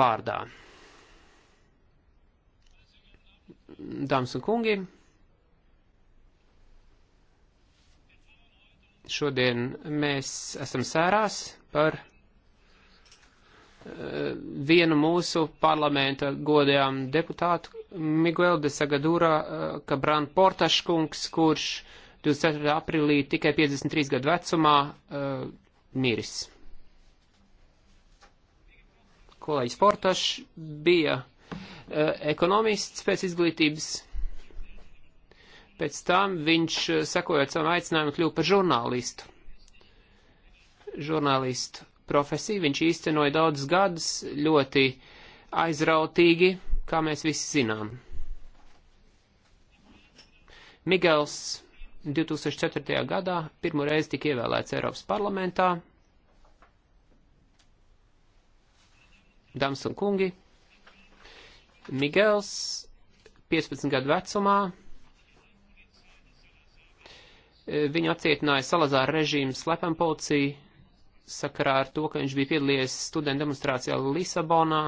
vārdā. Dāmas un kungi, šodien mēs esam sērās par eh, vienu mūsu parlamenta godējām deputātu Miguel de Sagadura Kabran eh, Portaškungs, kurš 24. aprīlī tikai 53 gadu vecumā eh, miris kolēģis Portašs bija uh, ekonomists pēc izglītības. Pēc tam viņš, e, sekojot savam aicinājumam, kļuva par žurnālistu. Žurnālistu profesiju viņš īstenoja daudzus gadus ļoti aizrautīgi, kā mēs visi zinām. Migels 2004. gadā pirmo reizi tika ievēlēts Eiropas parlamentā dāmas un kungi, Migels 15 gadu vecumā viņu apcietināja Salazāra režīma slepeni policija sakarā ar to, ka viņš bija piedalījies studentu demonstrācijā Lisabonā.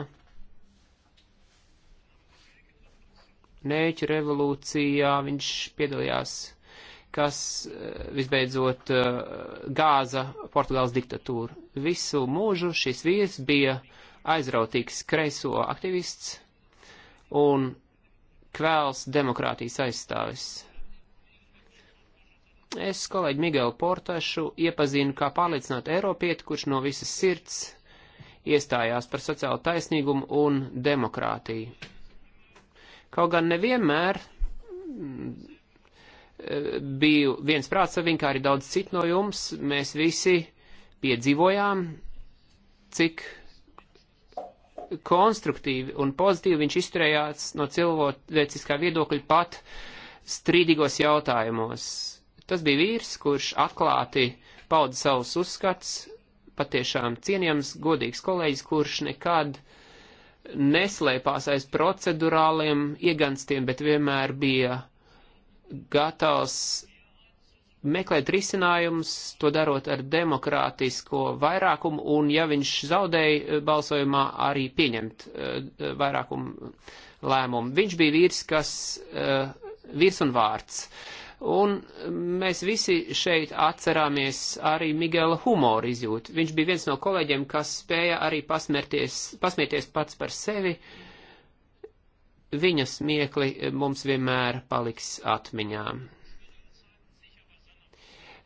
Nēķu revolūcijā viņš piedalījās, kas eh, visbeidzot eh, gāza Portugāles diktatūru. Visu mūžu šis vīrs bija uh, aizrautīgs kreiso aktivists un kvēls demokrātijas aizstāvis. Es kolēģi Miguelu Portašu iepazinu kā pārliecinātu Eiropieti, kurš no visas sirds iestājās par sociālu taisnīgumu un demokrātiju. Kaut gan nevienmēr mm, biju viens prāts ar viņu, kā arī daudz citu no jums, mēs visi piedzīvojām, cik konstruktīvi un pozitīvi viņš izturējās no cilvēciskā viedokļa pat strīdīgos jautājumos. Tas bija vīrs, kurš atklāti pauda savus uzskats, patiešām cienījams, godīgs kolēģis, kurš nekad neslēpās aiz procedurāliem ieganstiem, bet vienmēr bija gatavs meklēt risinājumus, to darot ar demokrātisko vairākumu, un ja viņš zaudēja eh, balsojumā, arī pieņemt eh, vairākumu lēmumu. Viņš bija vīrs, kas eh, vīrs un vārds. Un mēs visi šeit atcerāmies arī Migela humoru izjūtu. Viņš bija viens no kolēģiem, kas spēja arī pasmieties pats par sevi. Viņa smiekli mums vienmēr paliks atmiņām.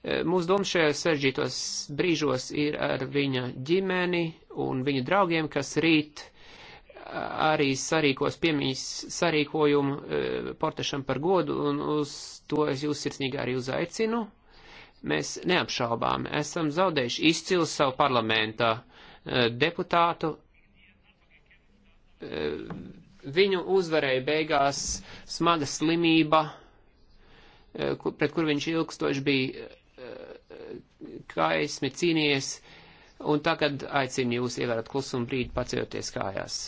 Mūsu doma šajos sarežģītos brīžos ir ar viņa ģimeni un viņa draugiem, kas rīt arī sarīkos piemiņas sarīkojumu e, portešam par godu, un uz to es jūs sirsnīgi arī uzaicinu. Mēs neapšaubām, esam zaudējuši izcilu savu parlamentā e, deputātu. E, viņu uzvarēja beigās smaga slimība, pret kur viņš ilgstoši bija kaismi cīnījies, un tagad aicinu jūs ievērot klusumu brīdi, paceljoties kājās.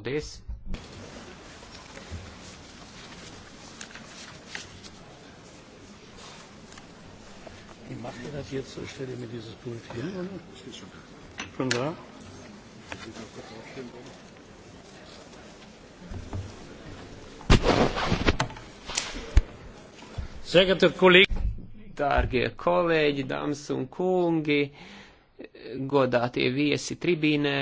Paldies! Wie macht ihr das jetzt? Ich stelle mir dieses Pult hin, oder? Steht schon da. Schon da? Sehr geehrte Kollegen, dārgie kolēģi, dāmas un kungi, godātie viesi tribīnē,